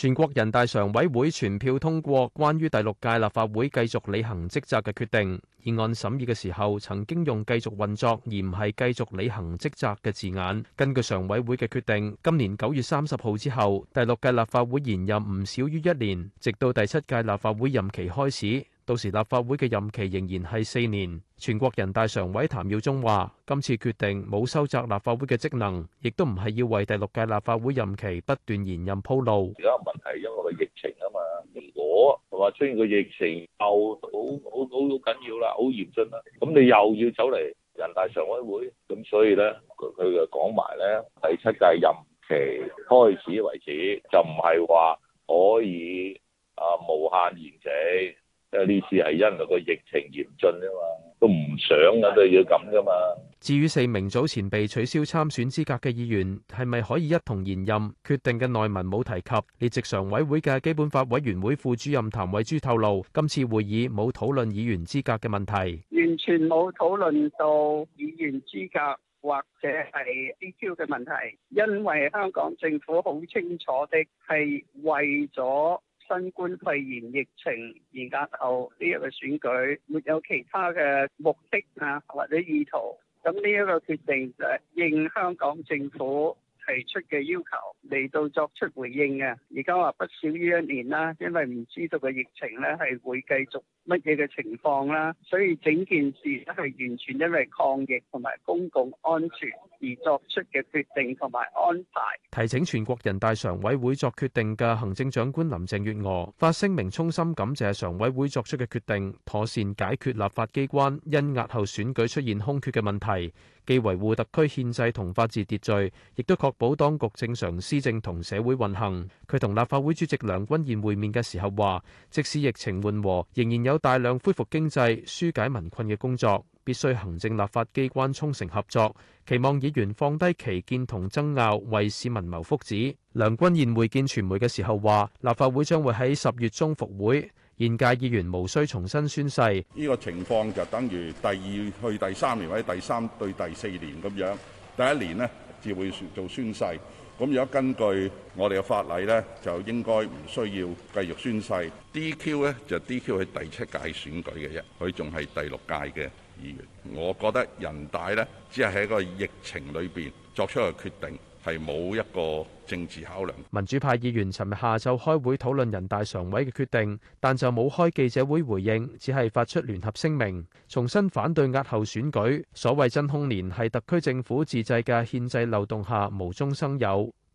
全國人大常委會全票通過關於第六屆立法會繼續履行職責嘅決定。議案審議嘅時候，曾經用繼續運作而唔係繼續履行職責嘅字眼。根據常委會嘅決定，今年九月三十號之後，第六屆立法會延任唔少於一年，直到第七屆立法會任期開始。到時立法會嘅任期仍然係四年。全國人大常委譚耀宗話：今次決定冇收窄立法會嘅職能，亦都唔係要為第六屆立法會任期不斷延任鋪路。而家個問題因為個疫情啊嘛，如果話出現個疫情又好好好緊要啦，好嚴峻啦，咁你又要走嚟人大常委會，咁所以呢佢佢就講埋呢第七屆任期開始為止，就唔係話可以啊無限延期。誒，呢次係因為個疫情嚴峻啊嘛，都唔想啊都要咁噶嘛。至於四名早前被取消參選資格嘅議員，係咪可以一同延任？決定嘅內文冇提及。列席常委會嘅基本法委員會副主任譚惠珠透露，今次會議冇討論議員資格嘅問題，完全冇討論到議員資格或者係 DQ 嘅問題，因為香港政府好清楚的係為咗。新冠肺炎疫情嚴格後，呢一個選舉沒有其他嘅目的啊或者意圖，咁呢一個決定就係應香港政府提出嘅要求嚟到作出回應嘅，而家話不少於一年啦，因為唔知道嘅疫情咧，係會繼續乜嘢嘅情況啦，所以整件事都係完全因為抗疫同埋公共安全而作出嘅決定同埋安排。提請全國人大常委會作決定嘅行政長官林鄭月娥發聲明，衷心感謝常委會作出嘅決定，妥善解決立法機關因押後選舉出現空缺嘅問題。既維護特區憲制同法治秩序，亦都確保當局正常施政同社會運行。佢同立法會主席梁君彥會面嘅時候話，即使疫情緩和，仍然有大量恢復經濟、疏解民困嘅工作，必須行政立法機關衷誠合作，期望議員放低歧見同爭拗，為市民謀福祉。梁君彥會見傳媒嘅時候話，立法會將會喺十月中復會。現屆議員無需重新宣誓，呢個情況就等於第二去第三年或者第三對第四年咁樣。第一年呢，至會做宣誓。咁如果根據我哋嘅法例呢，就應該唔需要繼續宣誓。D.Q. 呢，就、D.Q. 係第七屆選舉嘅啫，佢仲係第六屆嘅議員。我覺得人大呢，只係喺個疫情裏邊作出個決定。係冇一個政治考量。民主派議員尋日下晝開會討論人大常委嘅決定，但就冇開記者會回應，只係發出聯合聲明，重新反對押後選舉。所謂真空年係特區政府自製嘅憲制漏洞下無中生有。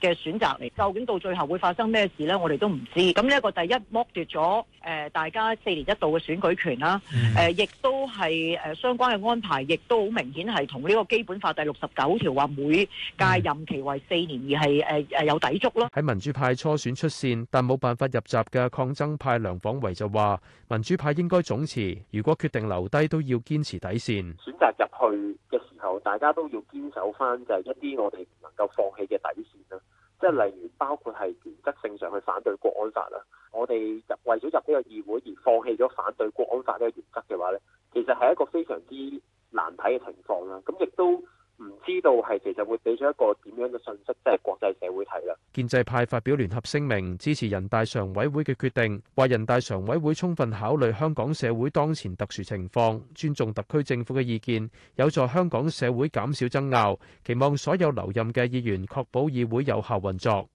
嘅選擇嚟，究竟到最後會發生咩事呢？我哋都唔知。咁呢個第一剝奪咗誒大家四年一度嘅選舉權啦，誒亦都係誒相關嘅安排，亦都好明顯係同呢個基本法第六十九條話每屆任期為四年而係誒誒有抵觸咯。喺民主派初選出線，但冇辦法入閘嘅抗爭派梁晃維就話：民主派應該總辭，如果決定留低，都要堅持底線。選擇入去嘅。就大家都要堅守翻就係一啲我哋唔能夠放棄嘅底線啦，即係例如包括係原則性上去反對國安法啦，我哋入為咗入呢個議會而放棄咗反對國安法呢個原則嘅話咧，其實係一個非常之難睇嘅情況啦。咁亦都唔知道係其實會俾咗一個點樣嘅訊息，即係國際社會睇啦。建制派發表聯合聲明，支持人大常委會嘅決定，話人大常委會充分考慮香港社會當前特殊情況，尊重特區政府嘅意見，有助香港社會減少爭拗，期望所有留任嘅議員確保議會有效運作。